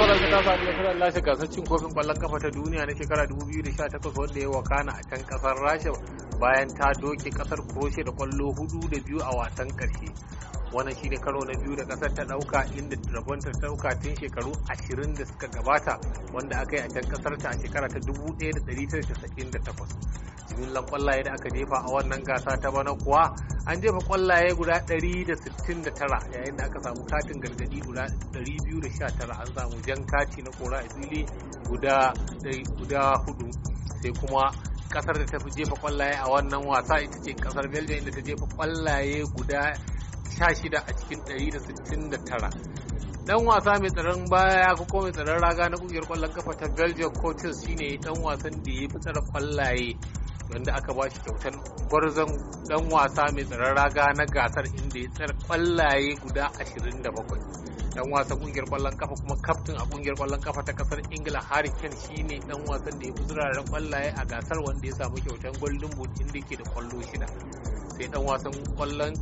faransa ta sami nasarar lashe gasar cin kofin ƙwallon kafa ta duniya na shekara 2018 wanda ya wakana a can kasar rasha bayan ta doke kasar croatia da kwallo hudu da biyu a wasan karshe wannan shine karo na biyu da kasar ta dauka inda rabonta ta dauka tun shekaru 20 da suka gabata wanda aka yi a can kasar ta a shekara ta 1998 jimillar kwallaye da aka jefa a wannan gasa ta bana kuwa an jefa kwallaye guda 169 yayin da aka samu katin gargadi guda 219 an samu jan kati na kora a fili guda hudu sai kuma kasar da ta fi jefa kwallaye a wannan wasa ita ce kasar belgium inda ta jefa kwallaye guda 16 a cikin 169 dan wasa mai tsaron baya ko mai tsaron raga na kungiyar kwallon kafa ta belgium coaches shine dan wasan da ya fi tsara kwallaye wanda aka ba shi kyautar gwarzon dan wasa mai tsaron raga na gasar inda ya tsara kwallaye guda 27 dan wasan kungiyar kwallon kafa kuma kaftin a kungiyar kwallon kafa ta kasar ingila harry kane shine dan wasan da ya fi zuraren kwallaye a gasar wanda ya samu kyautar golden boot inda ke da kwallo shida sai dan wasan kwallon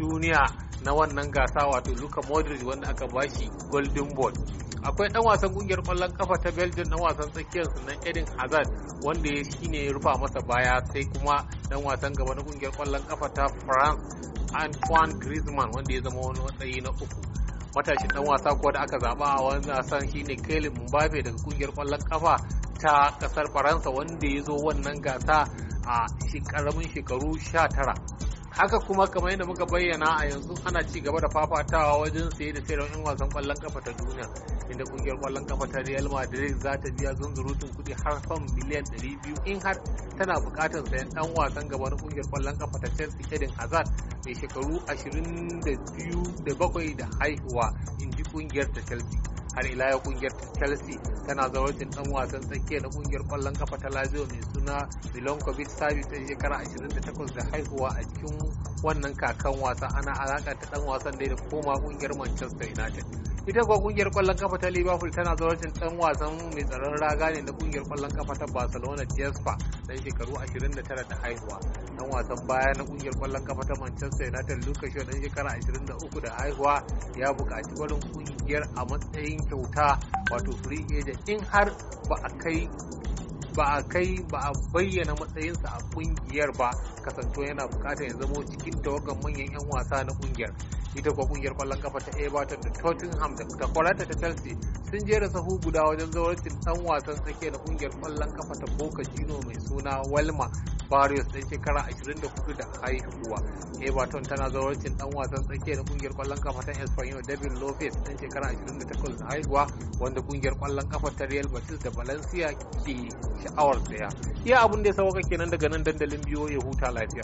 duniya na wannan gasa wato Luka Modric wanda aka bashi Golden boy Akwai ɗan wasan kungiyar ƙwallon kafa ta Belgium na wasan tsakiyar na Eden Hazard wanda ya shine ya rufa masa baya sai kuma ɗan wasan gaba na kungiyar ƙwallon kafa ta France Antoine Griezmann wanda ya zama wani matsayi na uku. Matashin ɗan wasa kuwa da aka zaɓa a wani wasan shine Kylian Mbappe daga kungiyar ƙwallon kafa ta ƙasar Faransa wanda ya zo wannan gasa a karamin shekaru 19. haka kuma kamar yadda muka bayyana a yanzu ana ci gaba da fafatawa wajen saye da sayarwa 'yan wasan kwallon kafa ta duniya inda kungiyar kwallon kafa ta real madrid za ta biya zunzurutun kudi har fam miliyan 200 in har tana bukatar sayan dan wasan gaba na kungiyar kwallon kafa ta chelsea eden hazard mai shekaru 22 da bakwai da haihuwa in ji kungiyar ta chelsea har ila ya kungiyar chelsea tana zawarcin dan wasan tsakiya na kungiyar kwallon kafa ta lazio mai suna milankovic savic ɗan shekara 28 da haihuwa a cikin wannan kakan wasa ana alaka ta dan wasan da koma kungiyar manchester united ita kuwa kungiyar kwallon kafa ta liverpool tana zawarcin dan wasan mai tsaron raga ne na kungiyar kwallon kafa ta barcelona jesper dan shekaru 29 da haihuwa dan wasan baya na kungiyar kwallon kafa ta Manchester United Luka Shaw dan shekara 23 da haihuwa ya buƙaci barin kungiyar a matsayin kyauta wato free agent in har ba a kai ba a kai ba a bayyana matsayinsa a kungiyar ba kasanto yana bukatar ya zamo cikin tawagan manyan 'yan wasa na kungiyar ita kuwa kungiyar kwallon kafa ta Everton da Tottenham da ta kwarata ta Chelsea sun jera sahu guda wajen zaurancin dan wasan sake na kungiyar kwallon kafa ta Boca Juniors mai suna Walma barrios ɗan shekara 24 da haihuwa everton tana zaurancin ɗan wasan tsakiya na ƙungiyar ƙwallon kafa ta espanyol david lopez ɗan shekara 28 da haihuwa wanda ƙungiyar ƙwallon kafa ta real betis da valencia ke sha'awar tsaya iya abin da ya sauka kenan daga nan dandalin biyo ya huta lafiya